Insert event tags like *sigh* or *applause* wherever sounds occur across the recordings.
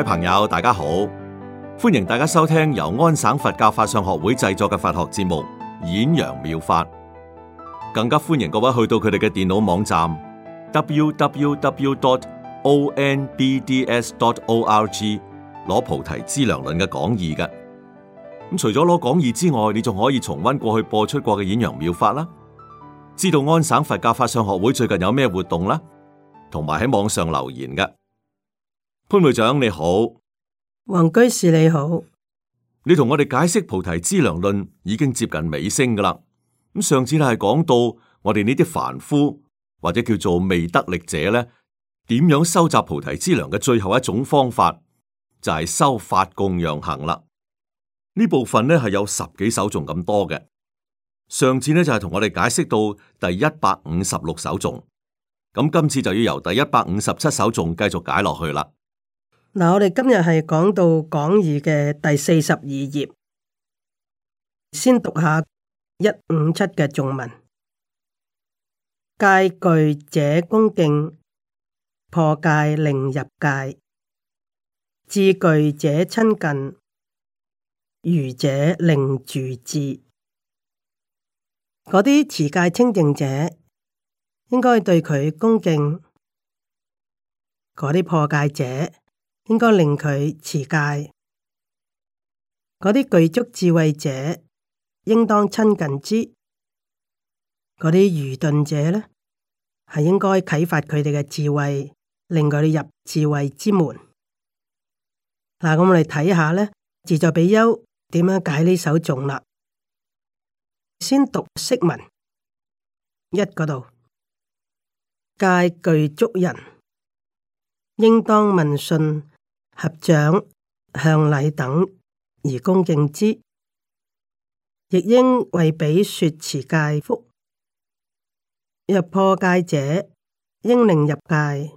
各位朋友，大家好！歡迎大家收聽由安省佛教法相學會製作嘅法學節目《演揚妙法》。更加歡迎各位去到佢哋嘅電腦網站 www.onbds.org 攞菩提資糧論嘅講義嘅。咁除咗攞講義之外，你仲可以重溫過去播出過嘅《演揚妙法》啦。知道安省佛教法相學會最近有咩活動啦？同埋喺網上留言嘅。潘會長你好，黃居士你好，你同我哋解釋《菩提資糧論》已經接近尾聲噶啦。咁上次咧係講到我哋呢啲凡夫或者叫做未得力者咧，點樣收集菩提資糧嘅最後一種方法就係、是、修法供養行啦。呢部分咧係有十幾首頌咁多嘅。上次咧就係同我哋解釋到第一百五十六首頌，咁今次就要由第一百五十七首頌繼，繼續解落去啦。嗱，我哋今日係講到講義嘅第四十二頁，先讀一下一五七嘅眾文。戒具者恭敬，破戒令入戒；智具者親近，愚者令住智。嗰啲持戒清淨者，應該對佢恭敬；嗰啲破戒者。應該令佢持戒，嗰啲具足智慧者應當親近之；嗰啲愚鈍者咧，係應該啟發佢哋嘅智慧，令佢哋入智慧之門。嗱，咁我哋睇下咧，自在比丘點樣解呢首頌啦。先讀釋文一嗰度，戒具足人應當問訊，合掌向禮等而恭敬之，亦應為彼說持戒福；若破戒者，應令入戒；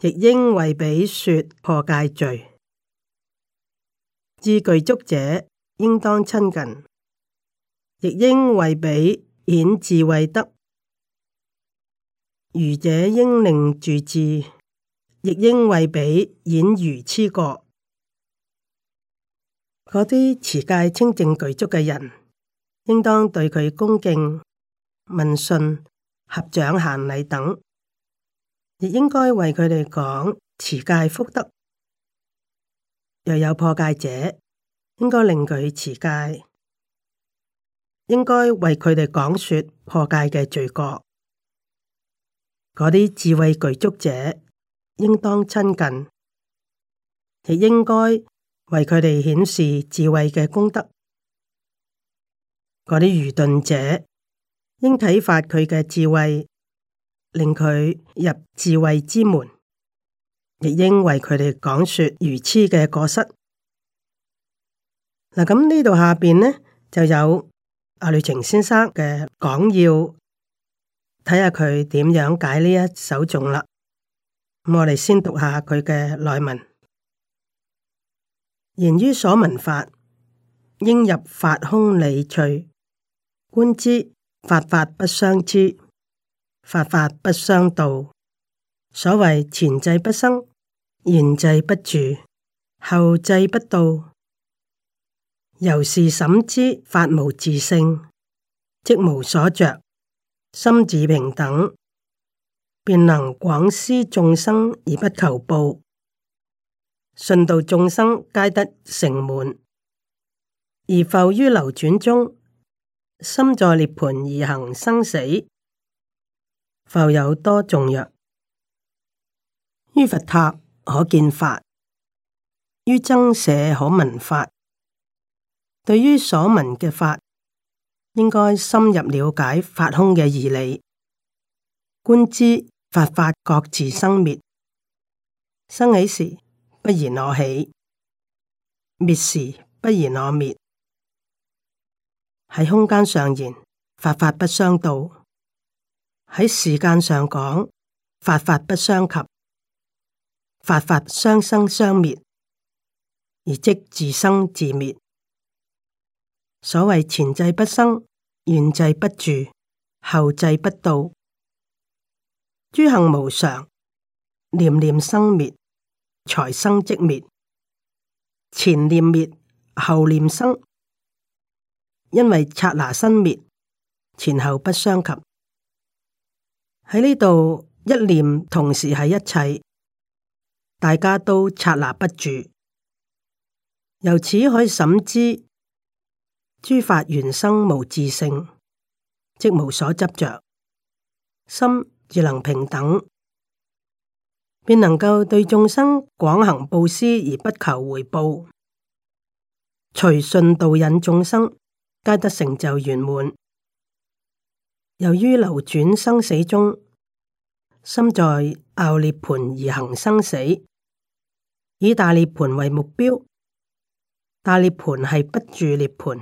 亦應為彼說破戒罪，至具足者，應當親近；亦應為彼顯智慧德，愚者，如應令住智。亦應為彼演如痴過，嗰啲持戒清淨具足嘅人，應當對佢恭敬、問訊、合掌、行禮等，亦應該為佢哋講持戒福德。又有破戒者，應該令佢持戒，應該為佢哋講說破戒嘅罪過。嗰啲智慧具足者。應當親近，亦應該為佢哋顯示智慧嘅功德。嗰啲愚鈍者應啟發佢嘅智慧，令佢入智慧之門，亦應為佢哋講說愚癡嘅過失。嗱，咁呢度下邊呢，就有阿呂澄先生嘅講要，睇下佢點樣解呢一首頌啦。我哋先讀下佢嘅內文。言於所聞法，應入法空理趣觀之，法法不相知，法法不相道。所謂前際不生，現際不住，後際不道。由是審之，法無自性，即無所着，心自平等。便能廣施眾生而不求報，順導眾生皆得成滿；而浮於流轉中，心在涅盤而行生死，浮有多重要？於佛塔可見法，於僧舍可聞法。對於所聞嘅法，應該深入了解法空嘅義理，觀知。法法各自生滅，生起時不言我起，滅時不言我滅。喺空間上言，法法不相到；喺時間上講，法法不相及。法法相生相滅，而即自生自滅。所謂前際不生，緣際不住，後際不到。諸行無常，念念生滅，財生即滅，前念滅，後念生，因為剎那生滅，前後不相及。喺呢度一念同時喺一切，大家都剎那不住，由此可以審知諸法原生無自性，即無所執着心。若能平等，便能夠對眾生廣行布施而不求回報，隨順導引眾生，皆得成就圓滿。由於流轉生死中，心在拗涅槃而行生死，以大涅槃為目標，大涅槃係不住涅槃，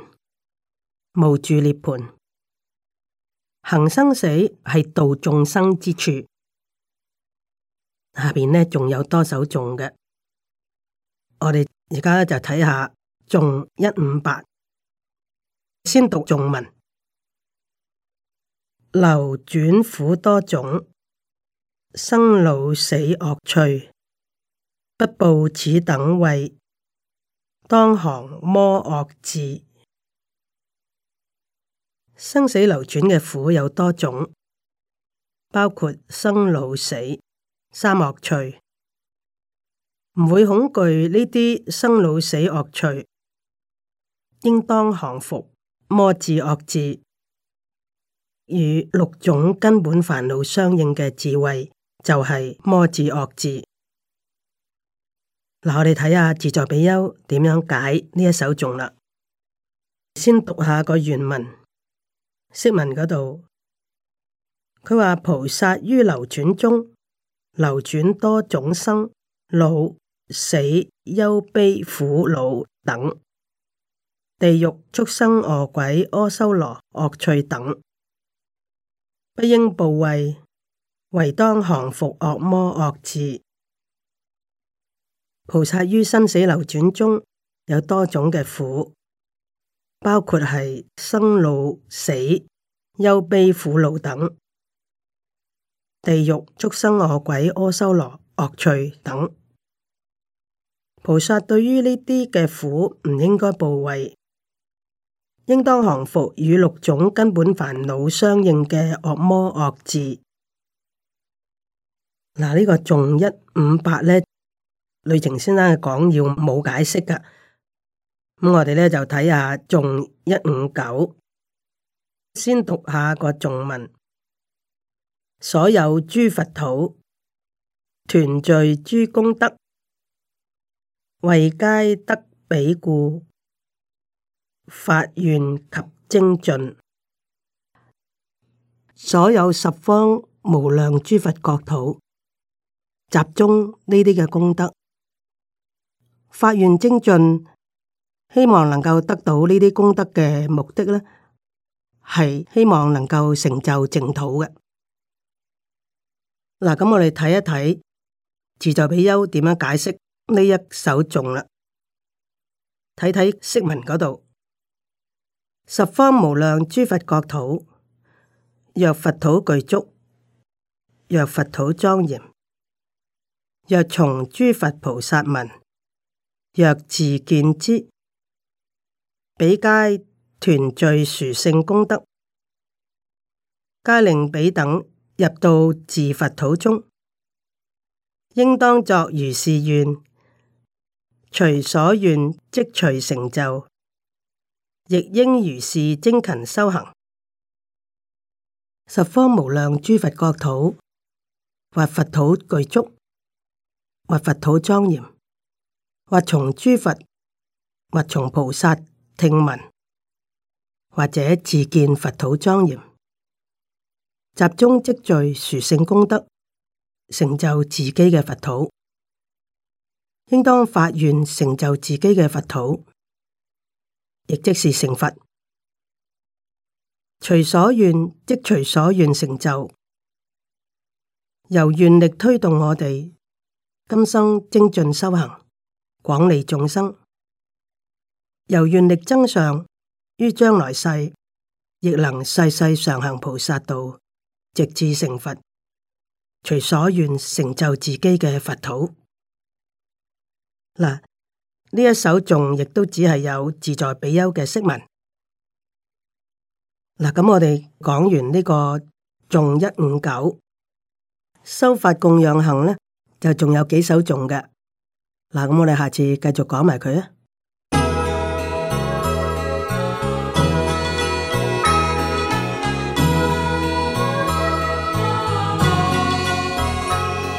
無住涅槃。行生死係度眾生之處，下面呢仲有多首頌嘅，我哋而家就睇下頌一五八，先讀頌文，流轉苦多種，生老死惡趣，不怖此等畏，當行摩惡字。生死流轉嘅苦有多種，包括生、老、死、三惡趣。唔會恐懼呢啲生、老、死、惡趣，應當降伏魔智惡智。與六種根本煩惱相應嘅智慧就係魔智惡智。嗱，我哋睇下自在比丘點樣解呢一首頌啦。先讀下個原文。釋文嗰度，佢話菩薩於流轉中，流轉多種生老死、憂悲苦惱等，地獄畜生餓鬼阿修羅惡趣等，不應怖畏，唯當降伏惡魔惡智。菩薩於生死流轉中有多種嘅苦。包括係生老死、憂悲苦惱等地獄、畜生餓鬼、阿修羅、惡趣等，菩薩對於呢啲嘅苦唔應該怖畏，應當降伏與六種根本煩惱相應嘅惡魔惡智。嗱、啊，這個、呢個仲一五八咧，呂澂先生講要冇解釋㗎。咁、嗯、我哋咧就睇下頌一五九，先讀下個頌文。所有諸佛土團聚諸功德，為皆得彼故，發願及精進。所有十方無量諸佛國土，集中呢啲嘅功德，發願精進。希望能夠得到呢啲功德嘅目的咧，係希望能夠成就淨土嘅。嗱，咁我哋睇一睇自在比丘點樣解釋呢一首頌啦。睇睇釋文嗰度，十方無量諸佛國土，若佛土具足，若佛土莊嚴，若從諸佛菩薩聞，若自見之。比皆團聚殊勝功德，皆令比等入到自佛土中，應當作如是願，隨所願即隨成就，亦應如是精勤修行。十方無量諸佛國土，或佛土具足，或佛土莊嚴，或從諸佛，或從菩薩。聽聞或者自建佛土莊嚴，集中積聚殊勝功德，成就自己嘅佛土，應當發願成就自己嘅佛土，亦即是成佛，隨所願即隨所願成就，由願力推動我哋今生精進修行，廣利眾生。由願力增上，於將來世，亦能世世常行菩薩道，直至成佛，隨所願成就自己嘅佛土。嗱，呢一首頌亦都只係有自在比丘嘅釋文。嗱，咁我哋講完呢、這個頌一五九，修法供養行咧，就仲有幾首頌嘅。嗱，咁我哋下次繼續講埋佢啊。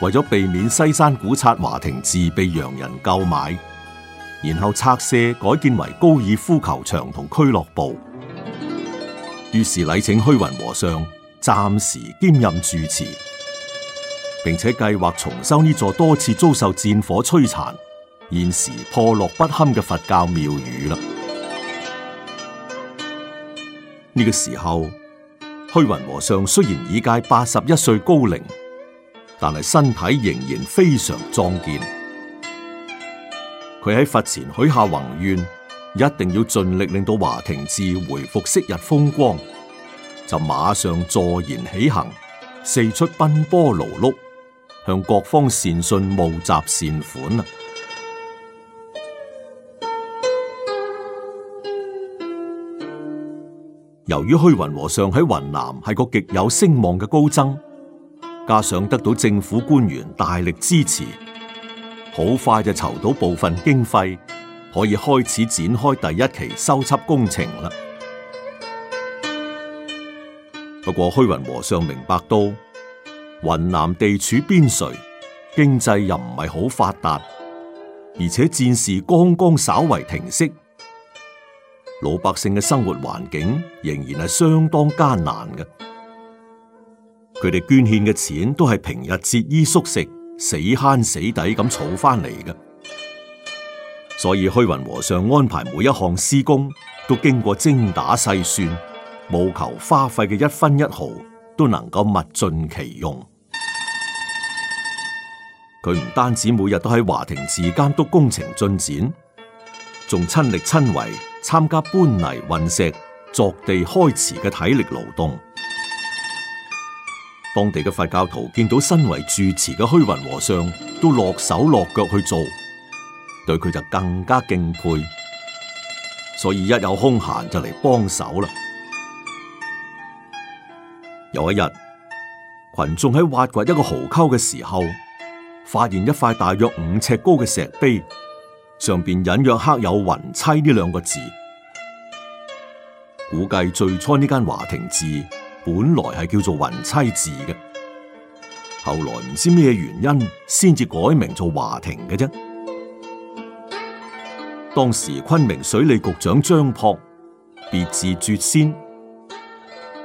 為咗避免西山古剎華亭寺被洋人購買，然後拆卸改建為高爾夫球場同俱樂部，於是禮請虛雲和尚暫時兼任住持，並且計劃重修呢座多次遭受戰火摧殘、現時破落不堪嘅佛教廟宇啦。呢個時候，虛雲和尚雖然已屆八十一歲高齡。但係身體仍然非常壯健，佢喺佛前許下宏願，一定要盡力令到華亭寺回復昔日風光，就馬上坐言起行，四出奔波勞碌，向各方善信募集善款啊！由於虛雲和尚喺雲南係個極有聲望嘅高僧。加上得到政府官員大力支持，好快就籌到部分經費，可以開始展開第一期修葺工程啦。不過虛雲和尚明白到，雲南地處邊陲，經濟又唔係好發達，而且戰事剛剛稍為停息，老百姓嘅生活環境仍然係相當艱難嘅。佢哋捐獻嘅錢都係平日節衣縮食、死慳死抵咁儲翻嚟嘅，所以虛雲和尚安排每一項施工都經過精打細算，務求花費嘅一分一毫都能夠物盡其用。佢唔單止每日都喺華亭寺監督工程進展，仲親力親為參加搬泥運石、鑿地開池嘅體力勞動。當地嘅佛教徒見到身為住持嘅虛雲和尚都落手落腳去做，對佢就更加敬佩，所以一有空閒就嚟幫手啦。有一日，群眾喺挖掘一個壕溝嘅時候，發現一塊大約五尺高嘅石碑，上邊隱約刻有“雲棲”呢兩個字，估計最初呢間華亭寺。本來係叫做雲棲寺嘅，後來唔知咩原因，先至改名做華亭嘅啫。當時昆明水利局長張樸別字絕仙，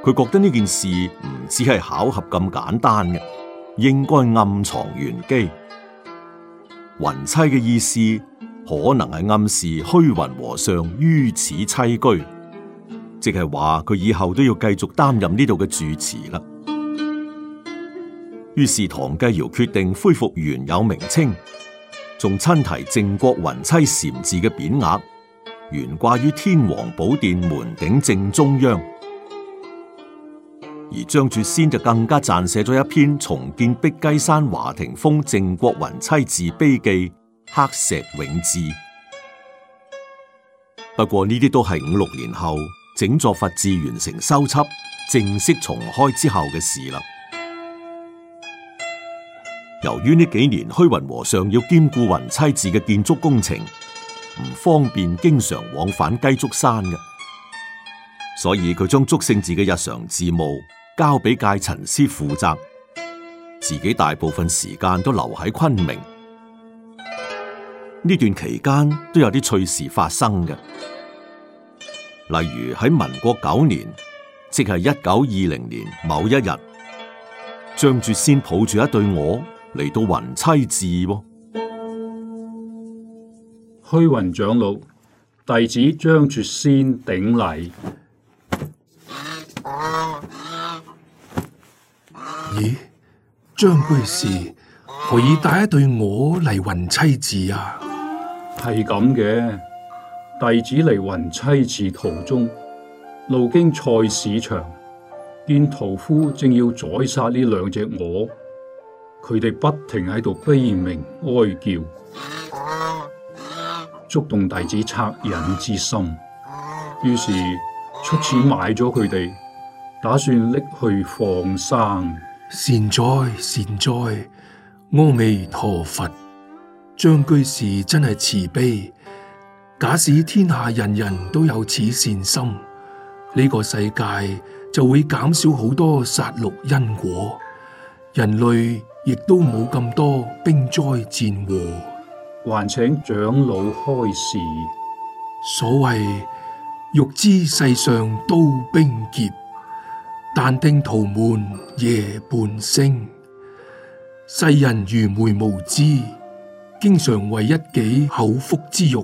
佢覺得呢件事唔只係巧合咁簡單嘅，應該暗藏玄機。雲棲嘅意思，可能係暗示虛雲和尚於此棲居。即係話佢以後都要繼續擔任呢度嘅住持啦。於是唐繼堯決，決定恢復原有名稱，仲親提靖國雲棲禪寺嘅匾額懸掛於天王寶殿門頂正中央。而張竹仙就更加撰寫咗一篇重建碧雞山華亭峰靖國雲棲寺碑記，刻石永誌。不過呢啲都係五六年後。整座佛寺完成修葺，正式重開之後嘅事啦。由於呢幾年虛雲和尚要兼顧雲棲寺嘅建築工程，唔方便經常往返雞足山嘅，所以佢將竹聖寺嘅日常事務交俾戒塵師負責，自己大部分時間都留喺昆明。呢段期間都有啲趣事發生嘅。例如喺民國九年，即係一九二零年某一日，張絕仙抱住一對鵝嚟到雲棲寺噃。虛雲長老弟子張絕仙頂禮。 *noise* 咦，張居士何以帶一對鵝嚟雲棲寺啊？係咁嘅。弟子嚟雲棲寺途中，路經菜市場，見屠夫正要宰殺呢兩隻鵝，佢哋不停喺度悲鳴哀叫，觸動弟子惻隱之心，於是出錢買咗佢哋，打算拎去放生。善哉善哉，阿彌陀佛，張居士真係慈悲。假使天下人人都有此善心，呢個世界就會減少好多殺戮因果，人類亦都冇咁多兵災戰禍。還請長老開示。所謂欲知世上刀兵劫，但聽屠門夜半聲。世人愚昧無知，經常為一己口腹之欲。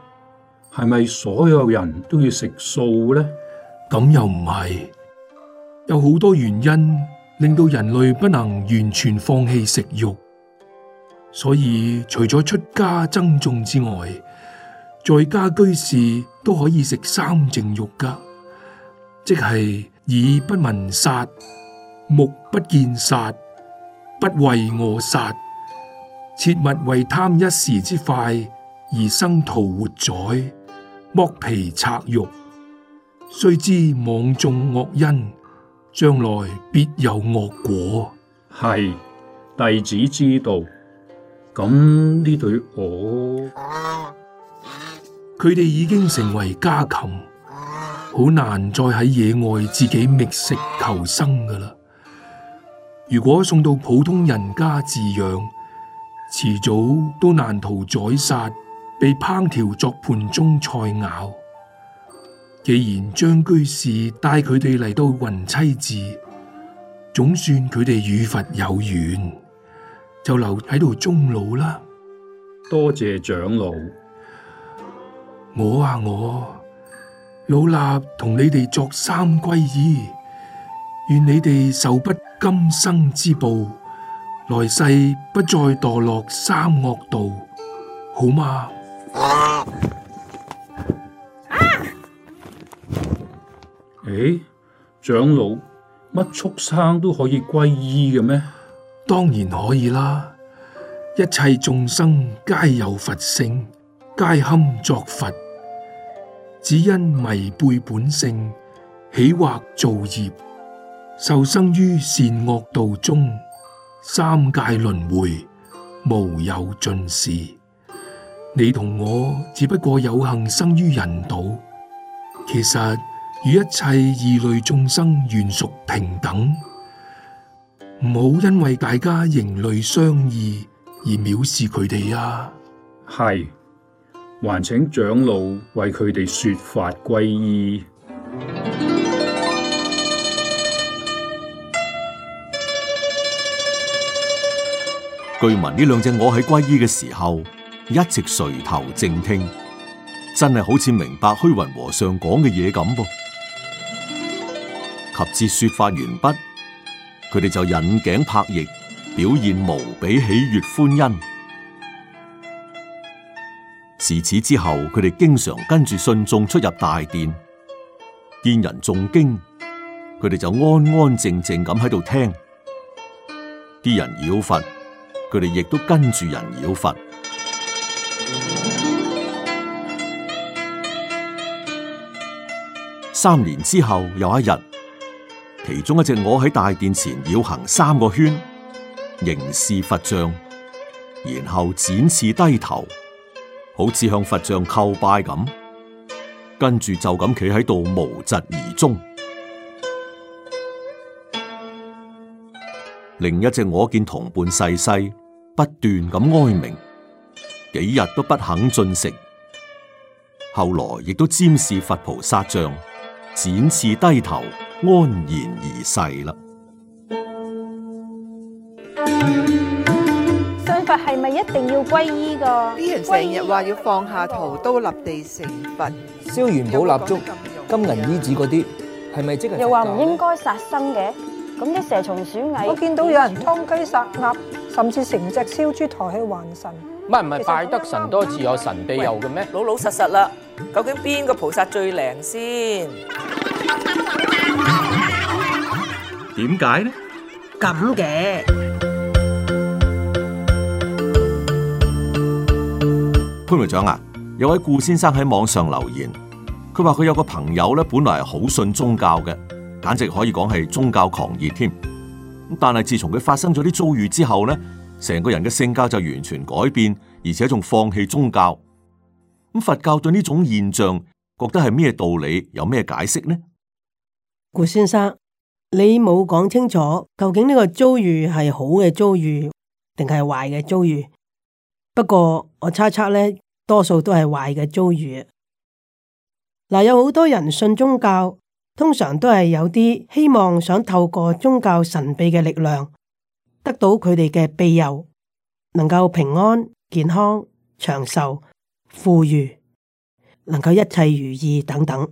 係咪所有人都要食素呢？咁又唔係，有好多原因令到人類不能完全放棄食肉。所以除咗出家僧眾之外，在家居士都可以食三淨肉噶，即係耳不聞殺、目不見殺、不為我殺，切勿為貪一時之快而生屠活宰。剝皮拆肉，須知妄種惡因，將來必有惡果。係弟子知道。咁呢對鵝，哦，佢哋已經成為家禽，好難再喺野外自己覓食求生噶啦。如果送到普通人家飼養，遲早都難逃宰殺。被烹調作盤中菜餚。既然張居士帶佢哋嚟到雲棲寺，總算佢哋與佛有緣，就留喺度終老啦。多謝長老，我啊我，老衲同你哋作三皈依，願你哋受不今生之報，來世不再墮落三惡道，好嗎？誒，長老，乜畜生都可以皈依嘅咩？當然可以啦，一切眾生皆有佛性，皆堪作佛，只因迷背本性，起惑造業，受生於善惡道中，三界輪回，無有盡時。你同我只不過有幸生於人道，其實與一切異類眾生原屬平等，唔好因為大家形類相異而藐視佢哋啊！係，還請長老為佢哋說法皈依。據聞呢兩隻我喺皈依嘅時候。一直垂頭靜聽，真係好似明白虛雲和尚講嘅嘢咁噃。及至說法完畢，佢哋就引頸拍翼，表現無比喜悦歡欣。自此，此之後，佢哋經常跟住信眾出入大殿，見人誦經，佢哋就安安靜靜咁喺度聽。啲人繞佛，佢哋亦都跟住人繞佛。三年之後有一日，其中一隻鵝喺大殿前繞行三個圈，凝視佛像，然後展翅低頭，好似向佛像叩拜咁。跟住就咁企喺度無疾而終。另一隻鵝見同伴逝世，不斷咁哀鳴。幾日都不肯進食，後來亦都瞻視佛菩薩像，展翅低頭，安然而逝啦。信佛係咪一定要皈依噶？啲人成日話要放下屠刀立地成佛，燒元寶蠟燭、金銀衣紙嗰啲，係咪即係？又話唔應該殺生嘅，咁啲蛇蟲鼠蟻，我見到有人劏雞殺鴨，甚至成隻燒豬抬去還神。唔唔係拜得神多自有神庇佑嘅咩？老老實實啦，究竟邊個菩薩最靈先？點解呢？咁嘅潘會長啊，有位顧先生喺網上留言，佢話佢有個朋友咧，本來係好信宗教嘅，簡直可以講係宗教狂熱添。咁但係自從佢發生咗啲遭遇之後咧。成個人嘅性格就完全改變，而且仲放棄宗教。佛教對呢種現象覺得係咩道理，有咩解釋呢？顧先生，你冇講清楚，究竟呢個遭遇係好嘅遭遇，定係壞嘅遭遇？不過我猜測呢，多數都係壞嘅遭遇。嗱，有好多人信宗教，通常都係有啲希望，想透過宗教神秘嘅力量，得到佢哋嘅庇佑，能夠平安、健康、長壽、富裕，能夠一切如意等等。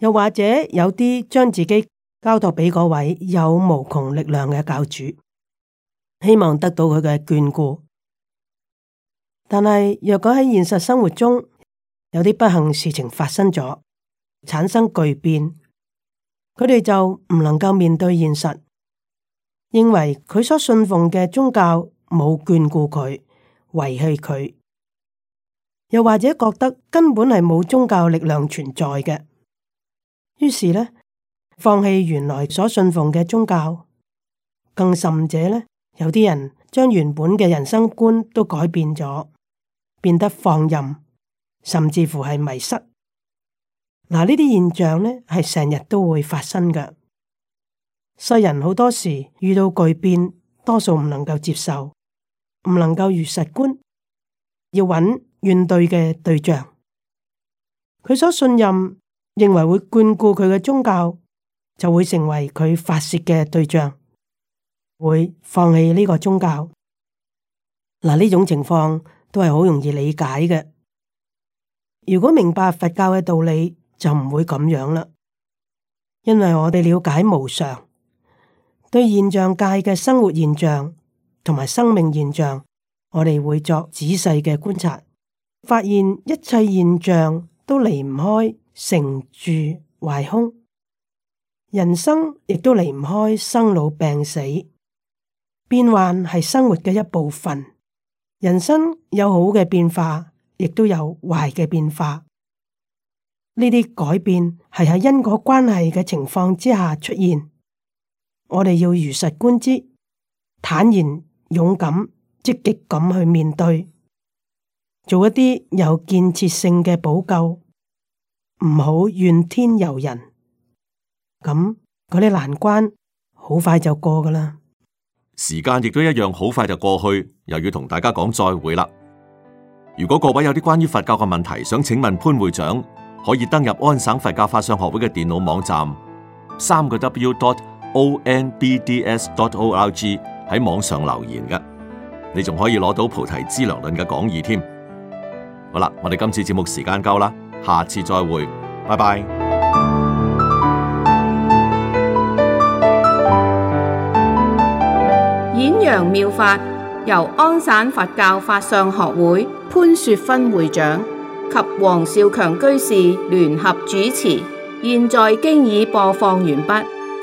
又或者有啲將自己交託俾嗰位有無窮力量嘅教主，希望得到佢嘅眷顧。但係若果喺現實生活中有啲不幸事情發生咗，產生巨變，佢哋就唔能夠面對現實。認為佢所信奉嘅宗教冇眷顧佢，遺棄佢，又或者覺得根本係冇宗教力量存在嘅，於是呢，放棄原來所信奉嘅宗教，更甚者呢，有啲人將原本嘅人生觀都改變咗，變得放任，甚至乎係迷失。嗱，呢啲現象呢係成日都會發生嘅。世人好多時遇到巨變，多數唔能夠接受，唔能夠如實觀，要揾怨對嘅對象。佢所信任、認為會眷顧佢嘅宗教，就會成為佢發洩嘅對象，會放棄呢個宗教。嗱，呢種情況都係好容易理解嘅。如果明白佛教嘅道理，就唔會咁樣啦，因為我哋了解無常。對現象界嘅生活現象同埋生命現象，我哋會作仔細嘅觀察，發現一切現象都離唔開成住壞空，人生亦都離唔開生老病死，變幻係生活嘅一部分。人生有好嘅變化，亦都有壞嘅變化，呢啲改變係喺因果關係嘅情況之下出現。我哋要如實觀之，坦然勇敢、積極咁去面對，做一啲有建設性嘅補救，唔好怨天尤人。咁嗰啲難關好快就過噶啦。時間亦都一樣好快就過去，又要同大家講再會啦。如果各位有啲關於佛教嘅問題，想請問潘會長，可以登入安省佛教法商學會嘅電腦網站，三個 W dot。O N B D S dot O R G，喺網上留言嘅，你仲可以攞到菩提資糧論嘅講義添。好啦,我哋今次節目時間夠啦，下次再會，拜拜。演揚妙法由安省佛教法相學會潘雪芬會長及黃少強居士聯合主持，現在經已播放完畢。